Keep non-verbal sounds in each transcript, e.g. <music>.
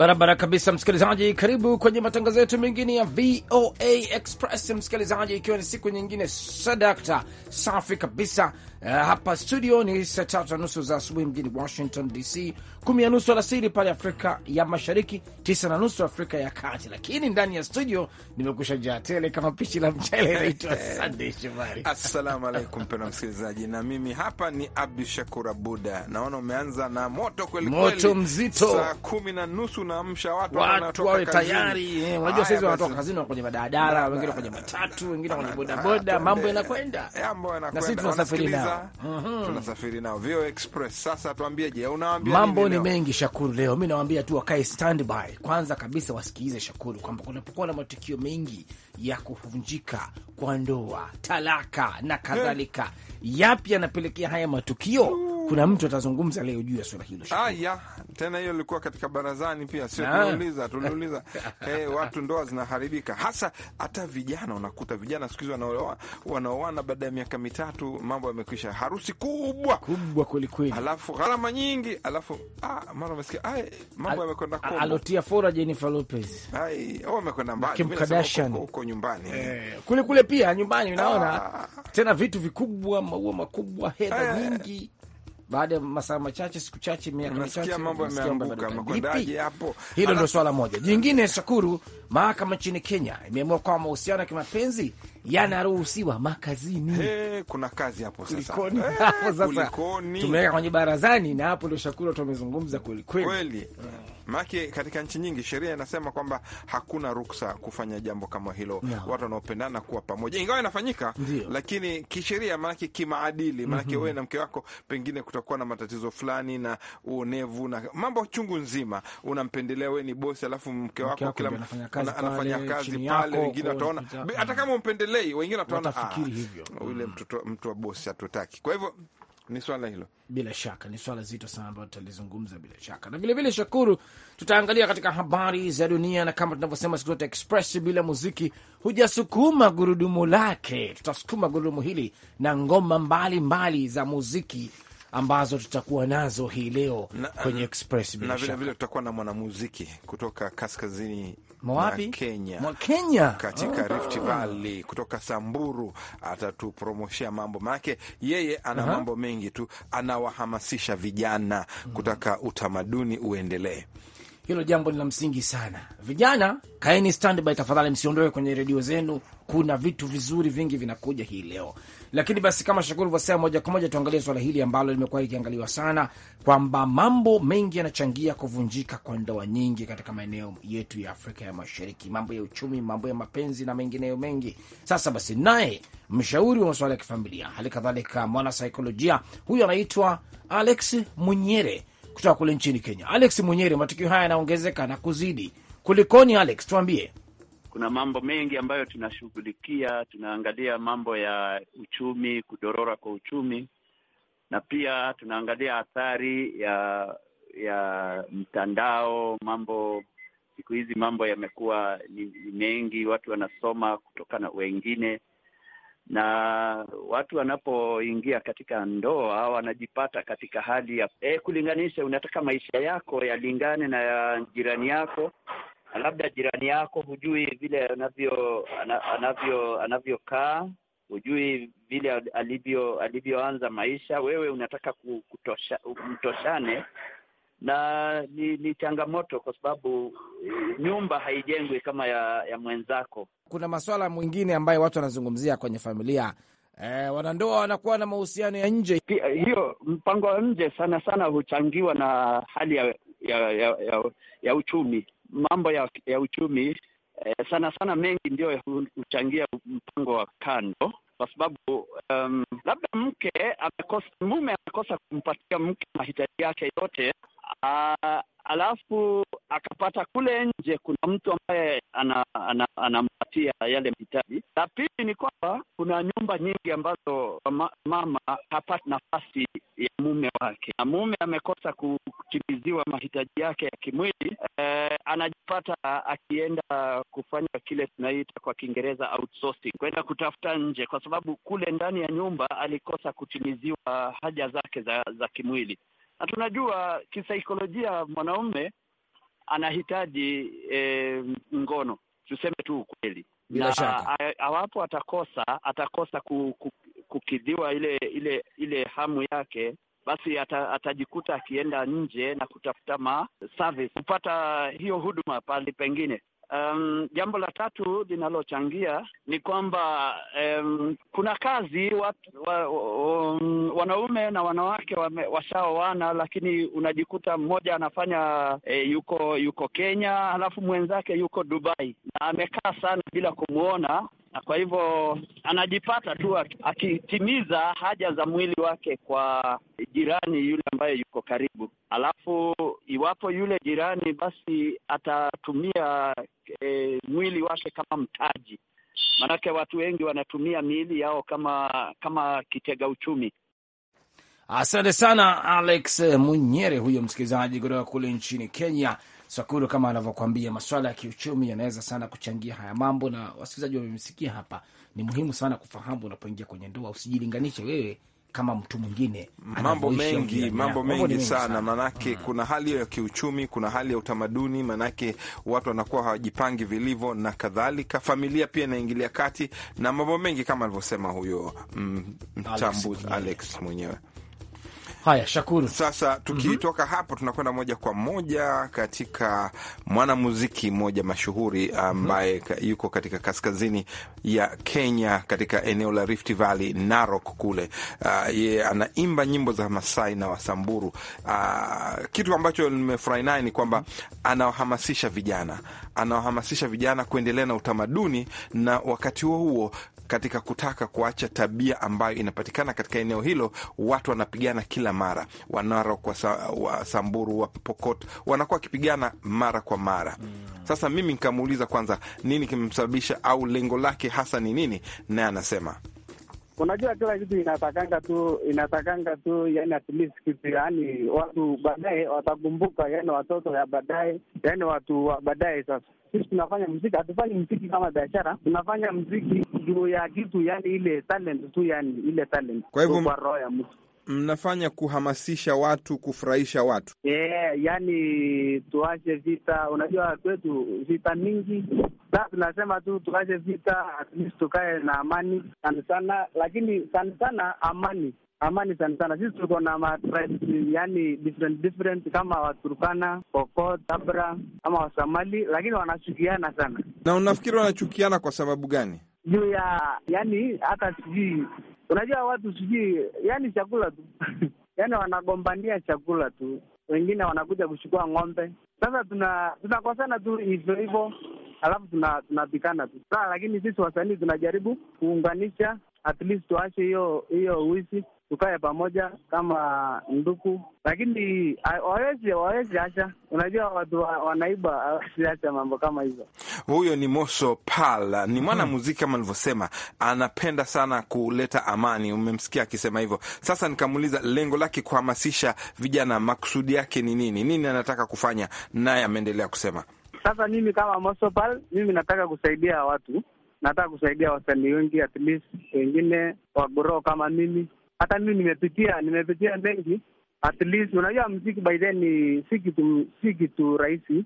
Barabara kabisa, msikilizaji, karibu kwenye matangazo yetu mengine ya VOA Express. Msikilizaji, ikiwa ni siku nyingine sadakta safi kabisa. Uh, hapa studio ni saa tatu na nusu za asubuhi mjini Washington DC, kumi na nusu alasiri pale Afrika ya Mashariki, tisa na nusu Afrika ya Kati, lakini ndani ya studio nimekusha jaa tele kama pishi la mchele. Naitwa <laughs> Sandey Shomari. Assalamu alaikum pena msikilizaji, na mimi hapa ni Abdu Shakur Abuda. Naona umeanza na moto kwelikweli, moto mzito, saa kumi na nusu unaamsha watu watu wawe tayari. Eh, unajua sasa wanatoka kazini, wako kwenye madadara, wengine kwenye matatu, wengine kwenye bodaboda, mambo yanakwenda, eh, na sisi tunasafiri nao, mhm. tunasafiri nao Vio Express. Sasa tuambieje, unawaambia mambo ni mengi Shakuru. Leo mi nawaambia tu wakae standby, kwanza kabisa wasikilize Shakuru kwamba kunapokuwa na matukio mengi ya kuvunjika kwa ndoa, talaka na kadhalika, eh. yapi yanapelekea haya matukio? kuna mtu atazungumza leo juu ya swala hilo. Aya, tena hiyo ilikuwa katika barazani pia, sio ah. tuliuliza, tuliuliza hey, <laughs> eh, watu ndoa zinaharibika, hasa hata vijana. Unakuta vijana siku hizi wanaoana, wanaoana baada ya miaka mitatu, mambo yamekwisha, harusi kubwa kubwa kweli kweli, alafu gharama nyingi, alafu ah, mara umesikia ai, ah, mambo yamekwenda kwa alotia fora Jennifer Lopez, ai, wao wamekwenda mbali, Kim Kardashian huko nyumbani, eh, kule kule pia nyumbani, unaona ah. tena vitu vikubwa, maua makubwa, hela eh, nyingi baada ya masaa machache, siku chache, miaka michache, mambo yameanguka hapo. Hilo ndio swala moja jingine. Shakuru, mahakama nchini Kenya imeamua kwamba mahusiano ya kimapenzi yanaruhusiwa makazini. Hey, kuna kazi hapo sasa. Kulikoni, hey, hapo sasa. Kulikoni. Tumeweka kwenye barazani na hapo ndio shakura tumezungumza kweli kweli. Maake katika nchi nyingi sheria inasema kwamba hakuna ruksa kufanya jambo kama hilo no. Watu wanaopendana kuwa pamoja, ingawa inafanyika Ndiyo. Lakini kisheria, maanake kimaadili, maanake mm-hmm. wewe mm -hmm. na mke wako pengine kutakuwa na matatizo fulani na uonevu na mambo chungu nzima, unampendelea wewe, ni bosi, alafu mke wako kila anafanya kazi, anafanya kazi pale, wengine wataona hata kama mm. umpendelea hawaendelei, wengine wataona ah, yule mm. mtu wa bosi hatutaki. Kwa hivyo ni swala hilo, bila shaka ni swala zito sana ambalo tutalizungumza bila shaka, na vile vile Shakuru, tutaangalia katika habari za dunia, na kama tunavyosema siku zote Express bila muziki hujasukuma gurudumu lake. Tutasukuma gurudumu hili na ngoma mbalimbali mbali za muziki ambazo tutakuwa nazo hii leo kwenye Express bila na Vile vile tutakuwa na mwanamuziki kutoka kaskazini mwapi? Kenya, mwa Kenya katika oh, Rift Valley kutoka Samburu atatupromoshia mambo make yeye ana uh -huh. mambo mengi tu, anawahamasisha vijana kutaka utamaduni uendelee. Hilo jambo ni la msingi sana. Vijana, kaeni standby tafadhali, msiondoke kwenye redio zenu. Kuna vitu vizuri vingi vinakuja hii leo, lakini basi, kama Shakuru ulivyosema, moja kwa moja tuangalie swala hili ambalo limekuwa likiangaliwa sana, kwamba mambo mengi yanachangia kuvunjika kwa ndoa nyingi katika maeneo yetu ya Afrika ya Mashariki, mambo ya uchumi, mambo ya mapenzi na mengineyo mengi. Sasa basi, naye mshauri wa masuala ya kifamilia, hali kadhalika mwana huyu anaitwa Alex Munyere kutoka kule nchini Kenya. Alex Munyeri, matukio haya yanaongezeka na kuzidi, kulikoni Alex? Tuambie. Kuna mambo mengi ambayo tunashughulikia, tunaangalia mambo ya uchumi, kudorora kwa uchumi, na pia tunaangalia athari ya ya mtandao. Mambo siku hizi mambo yamekuwa ni mengi, watu wanasoma kutokana wengine na watu wanapoingia katika ndoa wanajipata katika hali ya e, kulinganisha. Unataka maisha yako yalingane na ya jirani yako, na labda jirani yako hujui vile anavyo anavyo anavyokaa, hujui vile alivyo alivyoanza maisha. Wewe unataka kutosha, mtoshane na ni, ni changamoto kwa sababu eh, nyumba haijengwi kama ya, ya mwenzako. Kuna masuala mwingine ambayo watu wanazungumzia kwenye familia e, wanandoa wanakuwa na mahusiano ya nje. Hiyo mpango wa nje sana sana huchangiwa na hali ya, ya, ya, ya, ya uchumi, mambo ya, ya uchumi e, sana sana mengi ndio huchangia mpango wa kando kwa sababu um, labda mke amekosa, mume amekosa kumpatia mke mahitaji yake yote, alafu akapata kule nje kuna mtu ambaye anampatia ana, ana yale mahitaji. La pili ni kwamba kuna nyumba nyingi ambazo mama hapati nafasi ya mume wake, na mume amekosa kutimiziwa mahitaji yake ya kimwili eh, anajipata akienda kufanya kile tunaita kwa Kiingereza outsourcing, kwenda kutafuta nje, kwa sababu kule ndani ya nyumba alikosa kutimiziwa haja zake za, za kimwili na tunajua kisaikolojia mwanaume anahitaji e, ngono, tuseme tu ukweli, na awapo atakosa atakosa ku, ku, kukidhiwa ile ile ile hamu yake, basi ata, atajikuta akienda nje na kutafuta ma service kupata hiyo huduma pali pengine. Um, jambo la tatu linalochangia ni kwamba um, kuna kazi wat, wa, um, wanaume na wanawake washaoana, lakini unajikuta mmoja anafanya e, yuko yuko Kenya alafu mwenzake yuko Dubai na amekaa sana bila kumwona na kwa hivyo anajipata tu akitimiza haja za mwili wake kwa jirani yule ambaye yuko karibu. Alafu iwapo yule jirani basi atatumia e, mwili wake kama mtaji, maanake watu wengi wanatumia miili yao kama kama kitega uchumi. Asante sana Alex Munyere, huyo msikilizaji kutoka kule nchini Kenya. Sakuru kama anavyokwambia, maswala ya kiuchumi yanaweza sana kuchangia haya mambo, na wasikilizaji wamemsikia hapa. Ni muhimu sana kufahamu unapoingia kwenye ndoa, usijilinganishe wewe kama mtu mwingine. Mambo mengi, mambo mengi sana maanake, hmm, kuna hali ya kiuchumi, kuna hali ya utamaduni, maanake watu wanakuwa hawajipangi vilivyo na kadhalika. Familia pia inaingilia kati na mambo mengi, kama alivyosema huyo mchambuzi mm, Alex mwenyewe. Haya, shukuru. Sasa mhm. tukitoka mm -hmm. hapo tunakwenda moja kwa moja katika mwanamuziki mmoja mashuhuri mhm. ambaye mm -hmm. yuko katika kaskazini ya Kenya katika eneo la Rift Valley, Narok kule. Uh, yeye anaimba nyimbo za Masai na Wasamburu. Uh, kitu ambacho nimefurahi naye ni kwamba anawahamasisha vijana, anawahamasisha vijana kuendelea na utamaduni na wakati huo huo katika kutaka kuacha tabia ambayo inapatikana katika eneo hilo. Watu wanapigana kila mara, Wanaro kwa wa Samburu, wa Pokot wanakuwa wakipigana mara kwa mara. Mm. Sasa mimi nikamuuliza kwanza, nini kimemsababisha au lengo lake hasa ni nini, naye anasema Unajua, kila kitu inatakanga tu inatakanga tu, yani at least kitu, yani watu baadaye watakumbuka, yani watoto ya baadaye, yani watu wa baadaye. Sasa sisi tunafanya mziki, hatufanyi mziki kama biashara, tunafanya mziki juu ya kitu, yani ile talent tu, yani ile talent kwa hivyo, roho ya mtu mnafanya kuhamasisha watu, kufurahisha watu yeah, yani tuache vita. Unajua kwetu vita mingi, sa tunasema tu tuache vita, at least tukae na amani sana sana, lakini sana sana amani amani sana sana. Sisi tuko na matribe yani different different, kama Waturkana, Pokot, Tabra ama Wasamali, lakini wanachukiana sana. Na unafikiri wanachukiana kwa sababu gani? Juu ya yani hata sijui Unajua watu sijui, yani chakula tu <laughs> yani wanagombania chakula tu, wengine wanakuja kuchukua ng'ombe. Sasa tuna tunakosana tu hivyo hivyo, alafu tunapikana tu saa, lakini sisi wasanii tunajaribu kuunganisha, at least tuache hiyo hiyo tukae pamoja kama nduku lakini wawezi wawezi acha. Unajua watu wanaiba, hawezi acha mambo kama hizo. Huyo ni Moso Pal, ni mhm. mwanamuziki kama alivyosema anapenda sana kuleta amani. Umemsikia akisema hivyo. Sasa nikamuuliza lengo lake kuhamasisha vijana, makusudi yake ni nini, nini anataka kufanya, naye ameendelea kusema sasa, mimi kama Moso Pal, mimi nataka kusaidia watu, nataka kusaidia wasanii wengi, at least wengine wagoroo kama mimi hata mimi nimepitia nimepitia mengi. At least unajua mziki by then ni si kitu si kitu rahisi,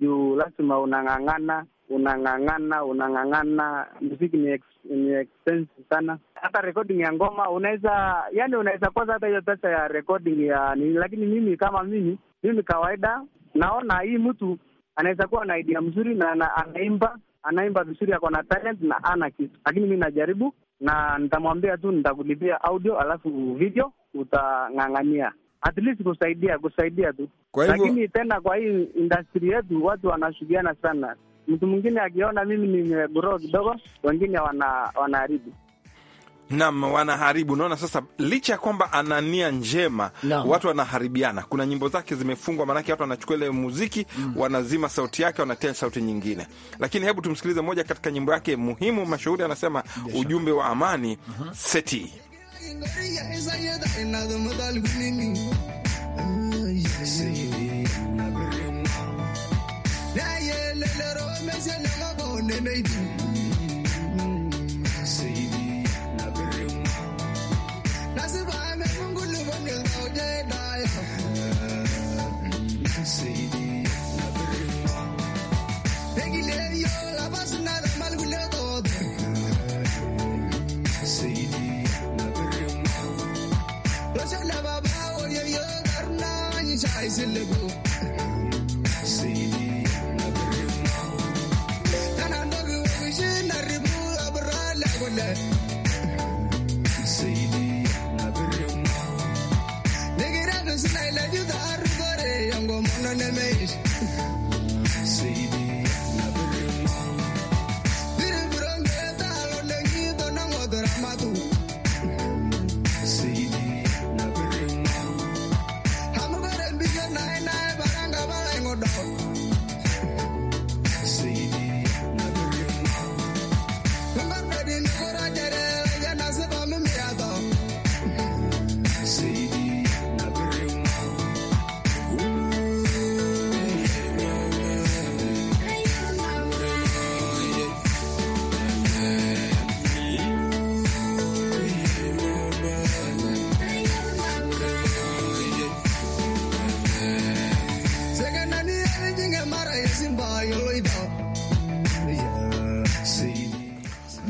juu lazima unang'ang'ana unang'ang'ana unang'ang'ana. Mziki ni, ex, ni expensive sana. Hata recording ya ngoma unaweza yani, unaweza kwanza hata hiyo pesa ya recording ya nini, lakini mimi kama mimi mimi kawaida naona hii mtu anaweza kuwa na idea mzuri na ana, anaimba anaimba vizuri, ako na talent na ana kitu, lakini mi najaribu na nitamwambia tu nitakulipia audio alafu video utang'ang'ania at least kusaidia kusaidia tu kwa hivyo... Lakini tena kwa hii industry yetu watu wanashugiana sana. Mtu mwingine akiona mimi nimegro kidogo, wengine wana wanaharibu. Nam wanaharibu. Unaona sasa, licha ya kwamba ana nia njema no. watu wanaharibiana. Kuna nyimbo zake zimefungwa, maanake watu wanachukua ile muziki mm. wanazima sauti yake, wanatia sauti nyingine. Lakini hebu tumsikilize moja katika nyimbo yake muhimu mashuhuri, anasema Desha. ujumbe wa amani uh -huh. seti is in the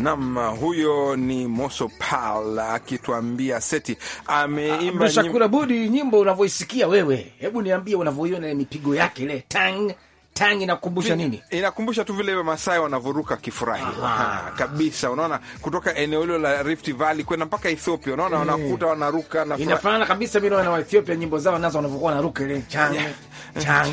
Nam huyo ni Moso Pal akituambia seti ameimba. Shakura Budi, nyimbo unavyoisikia wewe, hebu niambie unavyoiona mipigo yake ile tang tang inakumbusha nini? Inakumbusha tu vile Masai wanavuruka kifurahi kabisa, unaona, kutoka eneo hilo la Rift Valley kwenda mpaka Ethiopia, unaona mm. Wanakuta wanaruka na inafanana kabisa milo na Ethiopia, nyimbo zao nazo wanavyokuwa wanaruka ile chang yeah.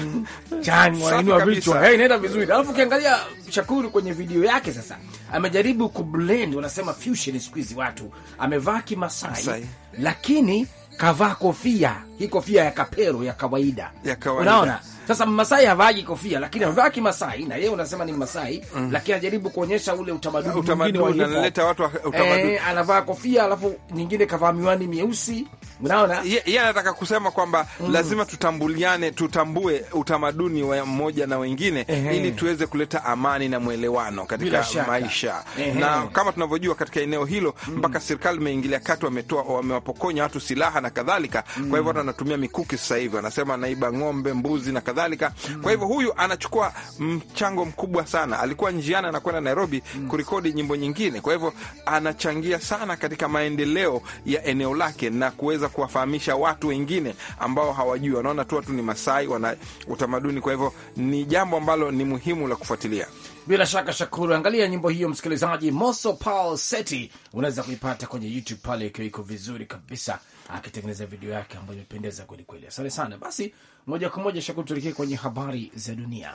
chang wanainua vichwa, hey, inaenda vizuri. Alafu ukiangalia Shakuru kwenye video yake sasa amejaribu kublend, wanasema fusion siku hizi watu, amevaa kimasai lakini kavaa kofia hii kofia ya kapero ya kawaida, ya kawaida. unaona sasa Mmasai havaaji kofia, lakini amevaa Kimasai na yeye unasema ni Mmasai mm. lakini anajaribu kuonyesha ule utamaduni mwingine wa, analeta watu eh, utamaduni, anavaa kofia alafu nyingine kavaa miwani mieusi unaona yeye anataka kusema kwamba mm, lazima tutambuliane, tutambue utamaduni wa mmoja na wengine ehe, ili tuweze kuleta amani na mwelewano katika maisha ehe. Na kama tunavyojua katika eneo hilo mm. mpaka mm, serikali imeingilia kati, wametoa wamewapokonya watu silaha na kadhalika mm. Kwa hivyo watu wanatumia mikuki sasa hivi, wanasema anaiba ng'ombe, mbuzi na kadhalika mm. Kwa hivyo huyu anachukua mchango mkubwa sana. Alikuwa njiani anakwenda Nairobi mm, kurekodi nyimbo nyingine, kwa hivyo anachangia sana katika maendeleo ya eneo lake na kuweza kuwafahamisha watu wengine ambao hawajui, wanaona tu watu ni Masai, wana utamaduni. Kwa hivyo ni jambo ambalo ni muhimu la kufuatilia. Bila shaka Shakuru, angalia nyimbo hiyo msikilizaji, Moso Paul Seti, unaweza kuipata kwenye YouTube pale, ikiwa iko vizuri kabisa, akitengeneza video yake ambayo imependeza kwelikweli. Asante sana. Basi moja kwa moja Shakuru, tuelekee kwenye habari za dunia.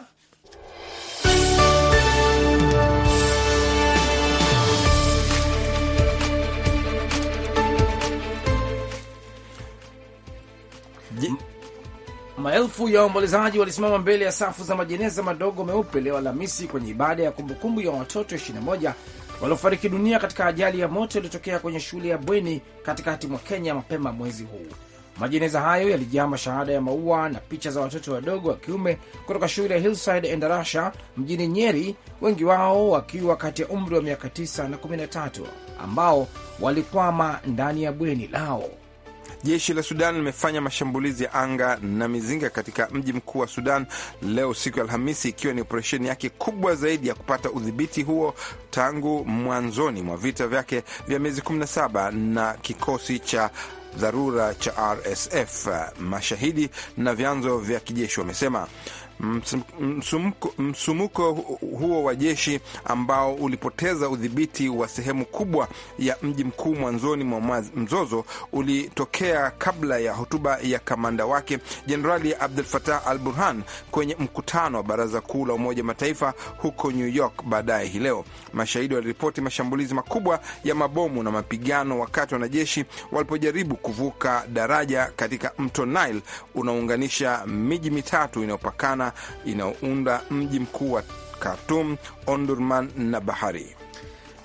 Maelfu ya waombolezaji walisimama mbele ya safu za majeneza madogo meupe leo Alhamisi kwenye ibada ya kumbukumbu ya watoto 21 waliofariki dunia katika ajali ya moto iliyotokea kwenye shule ya bweni katikati mwa Kenya mapema mwezi huu. Majeneza hayo yalijaa mashahada ya maua na picha za watoto wadogo wa kiume kutoka shule ya Hillside Endarasha mjini Nyeri, wengi wao wakiwa kati ya umri wa miaka 9 na 13 ambao walikwama ndani ya bweni lao. Jeshi la Sudan limefanya mashambulizi ya anga na mizinga katika mji mkuu wa Sudan leo siku ya Alhamisi, ikiwa ni operesheni yake kubwa zaidi ya kupata udhibiti huo tangu mwanzoni mwa vita vyake vya miezi 17 na kikosi cha dharura cha RSF. Mashahidi na vyanzo vya kijeshi wamesema Msumuko, msumuko huo wa jeshi ambao ulipoteza udhibiti wa sehemu kubwa ya mji mkuu mwanzoni mwa mzozo ulitokea kabla ya hotuba ya kamanda wake Jenerali abdul fatah al Burhan kwenye mkutano wa Baraza Kuu la Umoja Mataifa huko New York baadaye hii leo. Mashahidi waliripoti mashambulizi makubwa ya mabomu na mapigano wakati wanajeshi walipojaribu kuvuka daraja katika mto Nile unaounganisha miji mitatu inayopakana bara inayounda mji mkuu wa Khartum, ondurman na Bahari.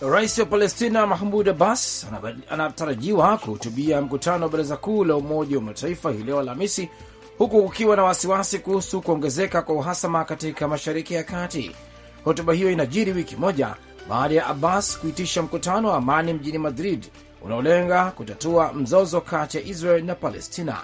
Rais wa Palestina Mahmud Abbas anatarajiwa kuhutubia mkutano wa baraza kuu la Umoja wa Mataifa hii leo Alhamisi, huku kukiwa na wasiwasi kuhusu kuongezeka kwa uhasama katika Mashariki ya Kati. Hotuba hiyo inajiri wiki moja baada ya Abbas kuitisha mkutano wa amani mjini Madrid unaolenga kutatua mzozo kati ya Israel na Palestina.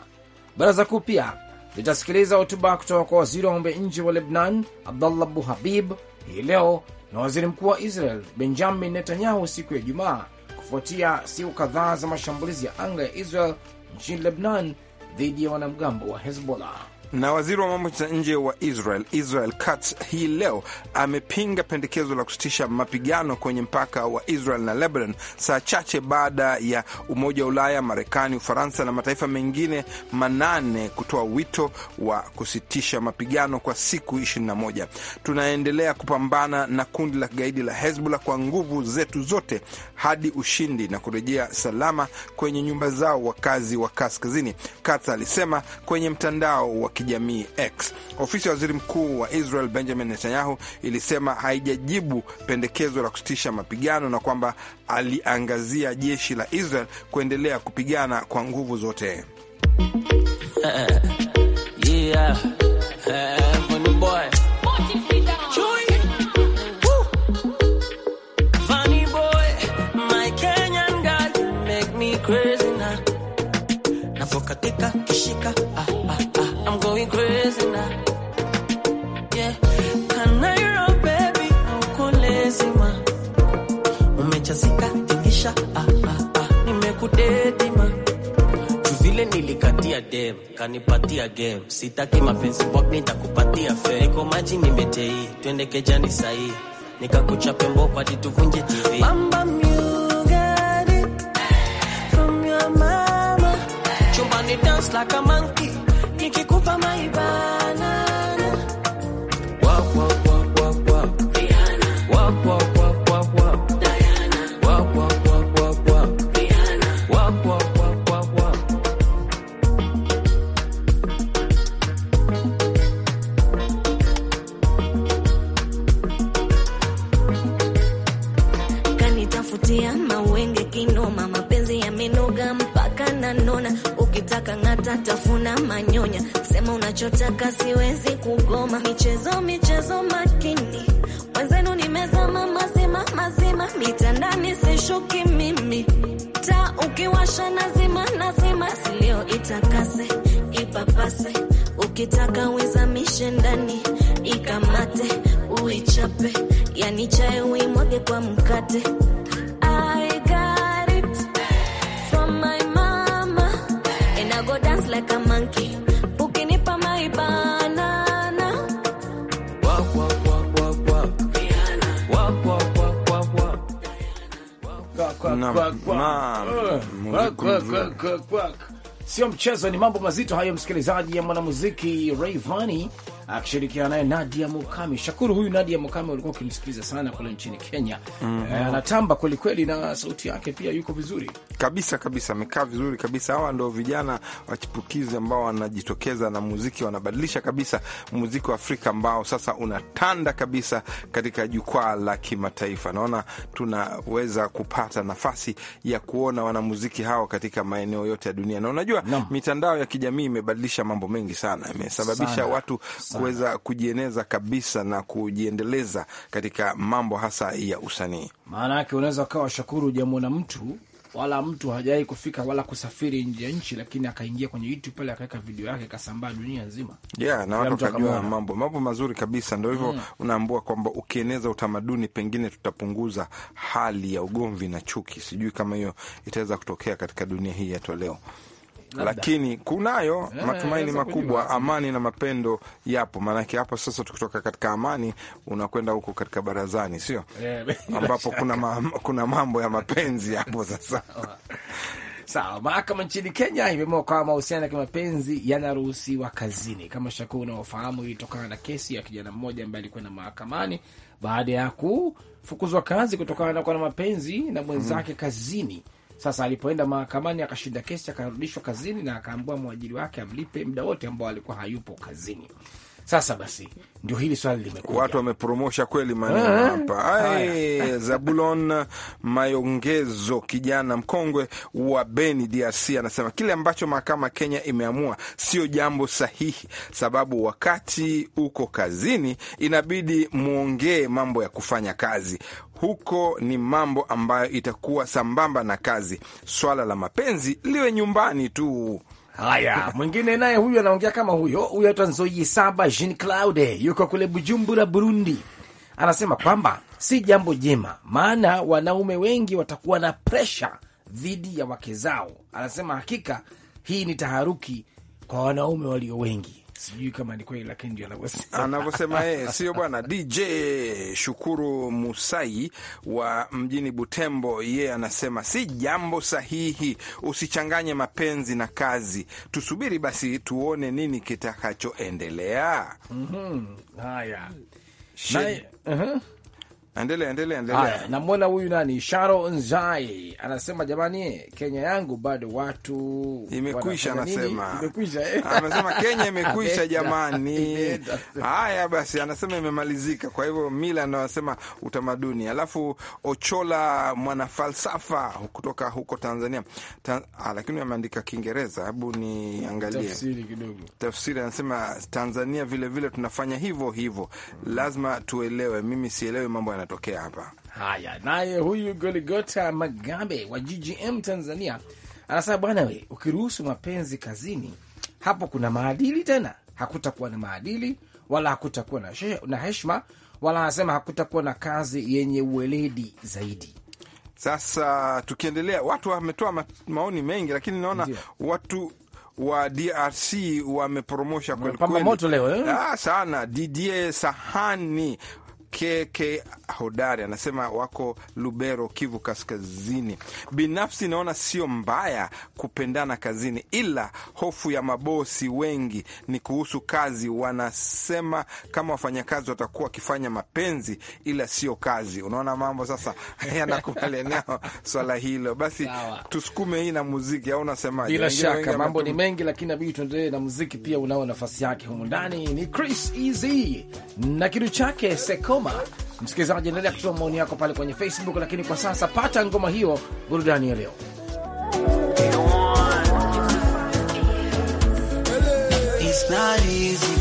Baraza kuu pia litasikiliza hotuba kutoka kwa waziri wa mambo ya nje wa Lebnan abdullah Abu Habib hii leo na waziri mkuu wa Israel Benjamin Netanyahu siku ya Ijumaa, kufuatia siku kadhaa za mashambulizi ya anga ya Israel nchini Lebnan dhidi ya wanamgambo wa Hezbollah. Na waziri wa mambo za nje wa Israel Israel Katz hii leo amepinga pendekezo la kusitisha mapigano kwenye mpaka wa Israel na Lebanon, saa chache baada ya Umoja wa Ulaya, Marekani, Ufaransa na mataifa mengine manane kutoa wito wa kusitisha mapigano kwa siku 21. Tunaendelea kupambana na kundi la kigaidi la Hezbollah kwa nguvu zetu zote hadi ushindi na kurejea salama kwenye nyumba zao wakazi wa kaskazini, Katz alisema kwenye mtandao wa kijamii X. Ofisi ya waziri mkuu wa Israel Benjamin Netanyahu ilisema haijajibu pendekezo la kusitisha mapigano na kwamba aliangazia jeshi la Israel kuendelea kupigana kwa nguvu zote. yeah. kishika ah. zika tikisha ah, ah, ah. Nimekudedima vile nilikatia dem kanipatia game, sitaki mapenzi bwak, nitakupatia fe, niko maji nimetei, twende kejani sahii, nikakuchape mboko hadi tuvunje TV Mamba mugari from your mama. chumba ni dance like a kwa mkate. I got it from my mama and I go dance like a monkey. Sio mchezo, ni mambo mazito hayo, msikilizaji, ya mwanamuziki Rayvanny akishirikiana naye Nadia Mukami. Shakuru, huyu Nadia Mukami ulikuwa ukimsikiliza sana kule nchini Kenya. mm -hmm. Anatamba kwelikweli na sauti yake pia yuko vizuri kabisa kabisa, amekaa vizuri kabisa. Hawa ndo vijana wachipukizi ambao wanajitokeza na muziki, wanabadilisha kabisa muziki wa Afrika ambao sasa unatanda kabisa katika jukwaa la kimataifa. Naona tunaweza kupata nafasi ya kuona wanamuziki hao katika maeneo yote ya dunia, na unajua no. mitandao ya kijamii imebadilisha mambo mengi sana, imesababisha watu kuweza kujieneza kabisa na kujiendeleza katika mambo hasa ya usanii. Maana yake unaweza ukawa shakuru ujamwona mtu wala mtu hajawahi kufika wala kusafiri nje ya nchi, lakini akaingia kwenye YouTube pale akaweka video yake ikasambaa dunia nzima, yeah, na watu wakajua mambo mambo mazuri kabisa. Ndo hivyo mm, unaambua kwamba ukieneza utamaduni pengine tutapunguza hali ya ugomvi na chuki. Sijui kama hiyo itaweza kutokea katika dunia hii yetu leo lakini kunayo eh, matumaini makubwa, amani na mapendo yapo. Maanake hapa sasa tukitoka katika amani unakwenda huko katika barazani, sio <laughs> eh, ambapo kuna, ma, kuna mambo ya mapenzi hapo sasa. <laughs> Sawa. Mahakama nchini Kenya imeamua kwamba mahusiano ya kimapenzi yanaruhusiwa kazini. Kama Shakuu unaofahamu, ilitokana na kesi ya kijana mmoja ambaye alikwenda mahakamani baada ya kufukuzwa kazi kutokana na kuwa na mapenzi na mwenzake mm. kazini. Sasa alipoenda mahakamani akashinda kesi, akarudishwa kazini na akaambua mwajiri wake amlipe muda wote ambao alikuwa hayupo kazini. Sasa basi ndio hili swali limekuja, watu wamepromosha kweli maneno eh, hapa. Zabulon Mayongezo, kijana mkongwe wa Beni, DRC, anasema kile ambacho mahakama Kenya imeamua sio jambo sahihi, sababu wakati uko kazini inabidi mwongee mambo ya kufanya kazi huko ni mambo ambayo itakuwa sambamba na kazi. Swala la mapenzi liwe nyumbani tu. Haya, mwingine naye huyu anaongea kama huyo huyo, aitwa Nzoyi Saba Jean Claude, yuko kule Bujumbura, Burundi. Anasema kwamba si jambo jema, maana wanaume wengi watakuwa na presha dhidi ya wake zao. Anasema hakika hii ni taharuki kwa wanaume walio wengi. Sijui kama ni kweli, lakini ndio anavyosema anavyosema yeye, sio bwana DJ Shukuru Musai wa mjini Butembo. Yeye anasema si jambo sahihi, usichanganye mapenzi na kazi. Tusubiri basi tuone nini kitakachoendelea. mm -hmm. Haya, Shed... Endelea, endelea, endelea. Namwona huyu nani, Sharo Nzai anasema jamani, Kenya yangu bado watu imekwisha, anasema imekwisha, eh? anasema <laughs> Kenya imekwisha jamani. Haya basi, anasema imemalizika. Kwa hivyo mila ndio anasema utamaduni. Alafu Ochola mwana falsafa kutoka huko Tanzania ta, ah, lakini ameandika Kiingereza, hebu niangalie tafsiri kidogo. Tafsiri anasema Tanzania vilevile vile tunafanya hivyo hivyo, lazima tuelewe. Mimi sielewi mambo yana anatokea hapa. Haya, naye huyu Goligota Magabe wa GGM Tanzania anasema bwana we, ukiruhusu mapenzi kazini, hapo kuna maadili tena? Hakutakuwa na maadili wala hakutakuwa na, na heshima wala anasema hakutakuwa na kazi yenye uweledi zaidi. Sasa tukiendelea, watu wametoa maoni mengi, lakini naona watu wa DRC wamepromosha kwelikweli eh? ah, sana. Didier Sahani KK Hodari anasema wako Lubero, Kivu Kaskazini. Binafsi naona sio mbaya kupendana kazini, ila hofu ya mabosi wengi ni kuhusu kazi. Wanasema kama wafanyakazi watakuwa wakifanya mapenzi, ila sio kazi. Unaona mambo sasa <laughs> yanakubalianao swala hilo. Basi tusukume hii na muziki, au unasemaje? Bila shaka mambo ni mengi, lakini nabidi tuendelee na muziki, pia unao nafasi yake humu ndani. Ni Chris Easy na kitu chake Sekoma. Ngoma. Msikilizaji, endelea kutoa maoni yako pale kwenye Facebook, lakini kwa sasa pata ngoma hiyo, burudani ya leo. It's not easy.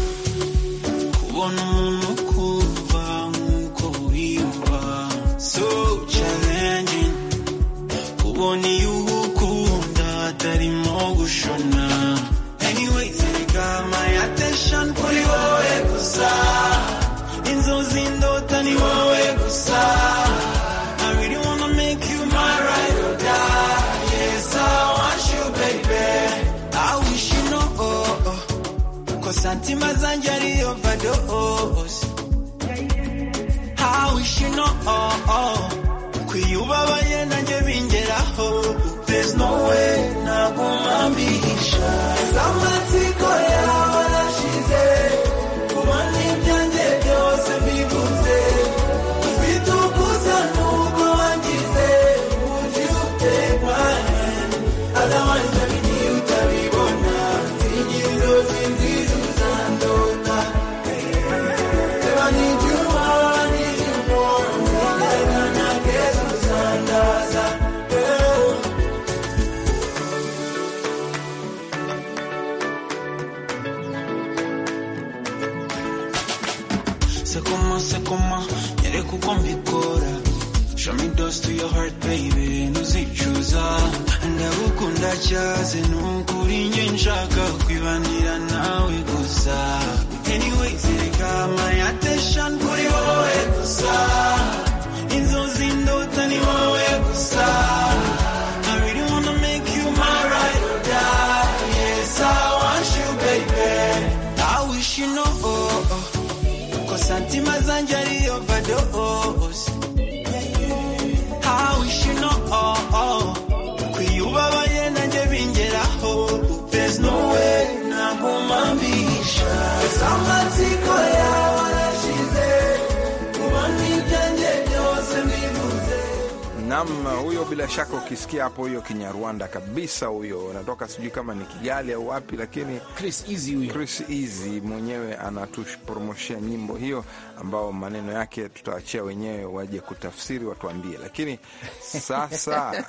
Nam huyo bila shaka ukisikia hapo, huyo Kinyarwanda kabisa huyo, natoka sijui kama ni Kigali au wapi, lakini Chris Easy huyo, Chris Easy mwenyewe anatupromoshia nyimbo hiyo, ambao maneno yake tutawachia wenyewe waje kutafsiri watuambie. Lakini sasa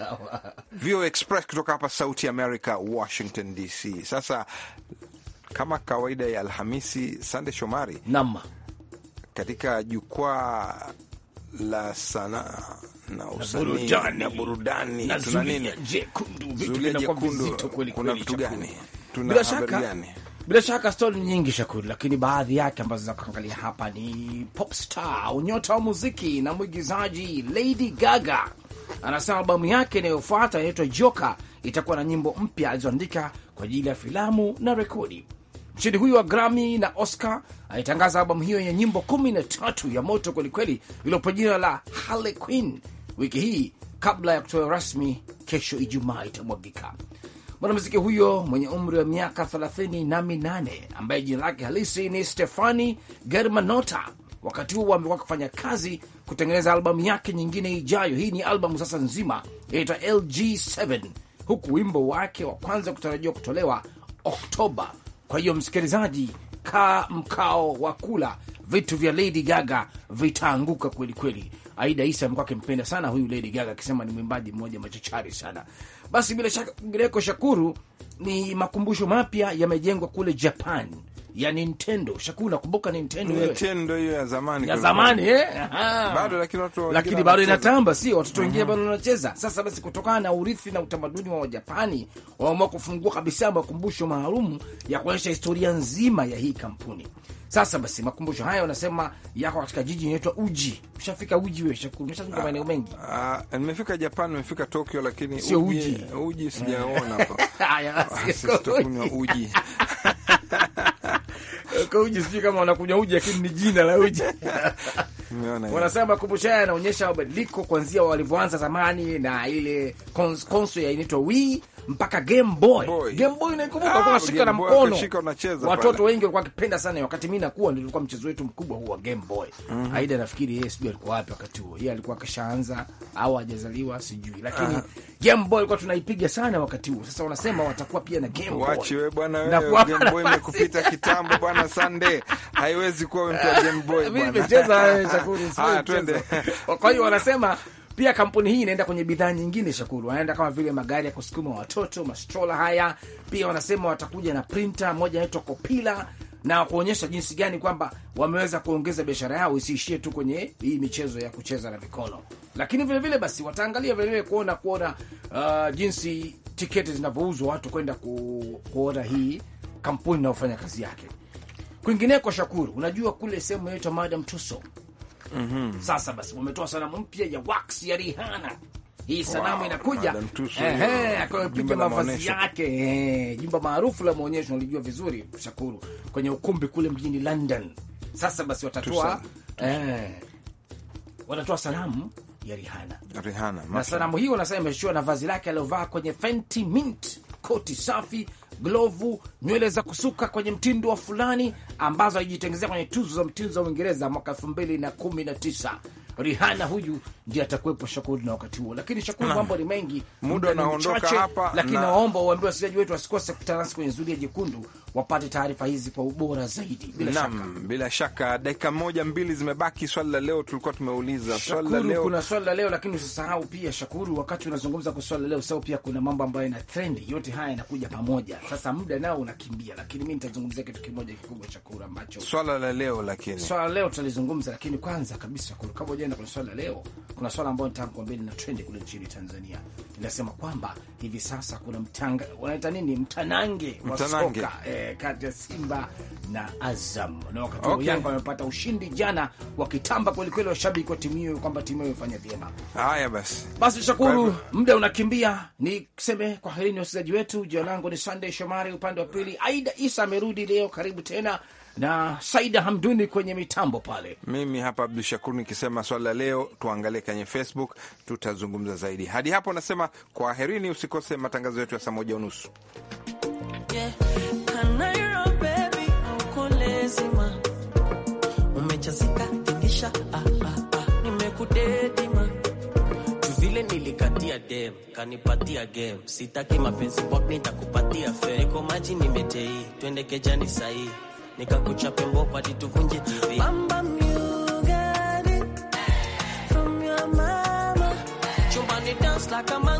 <laughs> Vio Express kutoka hapa Sauti America, Washington DC. Sasa kama kawaida ya Alhamisi, Sande Shomari, nam katika jukwaa la sanaa na usanii na burudani na tuna nini? Zulia kweli. kuna vitu gani? Tuna shaka gani? Bila shaka stori nyingi Shakuri, lakini baadhi yake ambazo za kuangalia hapa ni popstar, unyota wa muziki na mwigizaji Lady Gaga anasema albamu yake inayofuata inaitwa Joka itakuwa na nyimbo mpya alizoandika kwa ajili ya filamu na rekodi. Mshindi huyu wa Grammy na Oscar alitangaza albamu hiyo yenye nyimbo kumi na tatu ya moto kwelikweli iliyopo jina la Harley Quinn wiki hii kabla ya kutoa rasmi kesho Ijumaa itamwagika. Mwanamuziki huyo mwenye umri wa miaka 38 ambaye jina lake halisi ni Stefani Germanotta, wakati huo amekuwa akifanya kazi kutengeneza albamu yake nyingine ijayo. Hii ni albamu sasa nzima yaitwa LG7, huku wimbo wake wa kwanza kutarajiwa kutolewa Oktoba kwa hiyo msikilizaji, kaa mkao wa kula vitu vya Lady Gaga vitaanguka kweli kweli. Aida Isa amekuwa akimpenda sana huyu Lady Gaga, akisema ni mwimbaji mmoja machachari sana. Basi bila shaka Greko Shakuru, ni makumbusho mapya yamejengwa kule Japan ya Nintendo. Shaku, nakumbuka Nintendo Nintendo hiyo ya zamani. Ya zamani eh? Bado lakini watu lakini bado inatamba, sio? Watoto wengine mm -hmm. bado wanacheza. Sasa basi kutokana na urithi na utamaduni wa Wajapani, waamua kufungua kabisa makumbusho maalum ya kuonyesha historia nzima ya hii kampuni. Sasa basi makumbusho haya wanasema yako katika jiji inaitwa Uji. Ushafika Uji wewe Shakuru? Umeshafika ah, maeneo mengi? Ah, nimefika Japan, nimefika Tokyo lakini sio Uji. Uji sijaona <laughs> hapo. Haya, sio ah, Uji. <laughs> Eh, uji, sijui kama wanakunywa uji, lakini ni jina la uji <laughs> wanasema makumbusho haya yanaonyesha mabadiliko kuanzia walivyoanza zamani na ile konso ya inaitwa Wii mpaka Game Boy. Game Boy naikumbuka ah, kwa shika na mkono, watoto wengi walikuwa wakipenda sana. Wakati mimi nakuwa, ndio ilikuwa mchezo wetu mkubwa huu wa Game Boy. mm -hmm. Aida nafikiri yeye sijui alikuwa wapi wakati huo, yeye alikuwa kashaanza au hajazaliwa sijui, lakini Aha. Game Boy ilikuwa tunaipiga sana wakati huo. Sasa wanasema watakuwa pia na Game Boy. Wachi wewe bwana wewe, Game Boy imekupita kitambo bwana Sunday, haiwezi kuwa mtu wa Game Boy <laughs> bwana. Mimi nimecheza Haya, twende. <laughs> Kwa hiyo wanasema pia kampuni hii inaenda kwenye bidhaa nyingine, Shakuru, wanaenda kama vile magari ya kusukuma watoto, mastrola haya. Pia wanasema watakuja na printa moja inaitwa Kopila na kuonyesha jinsi gani kwamba wameweza kuongeza biashara yao isiishie tu kwenye hii michezo ya kucheza na mikono, lakini vilevile vile basi wataangalia vilevile kuona kuona uh, jinsi tiketi zinavyouzwa watu kwenda ku, kuona hii kampuni inayofanya kazi yake kwingineko. Shakuru, unajua kule sehemu inaitwa Madam Tuso mm -hmm. Sasa basi wametoa sanamu mpya ya wax ya Rihanna. Hii sanamu wow, inakuja akapiga mavazi yake, jumba maarufu la maonyesho, ulijua vizuri Shakuru, kwenye ukumbi kule mjini London. Sasa basi watatoa eh, watatoa sanamu ya Rihanna. Rihanna, na sanamu hii wanasema imeshiwa na vazi lake aliovaa kwenye Fenty Mint, koti safi glovu, nywele za kusuka kwenye mtindo wa fulani ambazo alijitengezea kwenye tuzo za mtindo za Uingereza mwaka elfu mbili na kumi na tisa. Rihana huyu ndiye atakuwepo Shakur na wakati huo, lakini Shakur, mambo ni mengi, muda unaondoka hapa, lakini nawaomba uambie wasikilizaji wetu wasikose kukutana nasi kwenye zulia jekundu wapate taarifa hizi kwa ubora zaidi. Bila Naam, shaka, bila shaka dakika moja mbili zimebaki. Swali la leo tulikuwa tumeuliza swali la leo, kuna swali la leo, lakini usisahau pia Shakuru, wakati unazungumza kwa swali la leo sababu pia kuna mambo ambayo ina trendi, yote haya yanakuja pamoja. Sasa muda nao unakimbia, lakini mimi nitazungumzia kitu kimoja kikubwa Shakuru, ambacho swala la leo, lakini swala la leo tutalizungumza, lakini kwanza kabisa Shakuru, kabla jana, kuna swali la leo, kuna swala ambayo nitaka kuambia lina trendi kule nchini Tanzania. Inasema kwamba hivi sasa kuna mtanga, wanaita nini, mtanange wa soka eh, kati ya Simba na Azam na wakati okay. Yanga wamepata ushindi jana, wakitamba kwelikweli washabiki wa timu hiyo kwamba timu hiyo imefanya vyema. Haya basi, basi shukuru, muda unakimbia, niseme kwaherini wasikilizaji wetu. Jina langu ni Sunday Shomari, upande wa pili Aida Isa amerudi leo, karibu tena na Saida Hamduni kwenye mitambo pale, mimi hapa Abdu Shakur nikisema swala la leo tuangalie kwenye Facebook, tutazungumza zaidi. Hadi hapo nasema kwaherini, usikose matangazo yetu ya saa moja unusu. Vile ah, ah, ah, nilikatia dem kanipatia game, sitaki mapenzi, nitakupatia fe, niko maji nimetei, twende kejani sahii nikakuchape mbopa dituvunje TV chumbani dance like a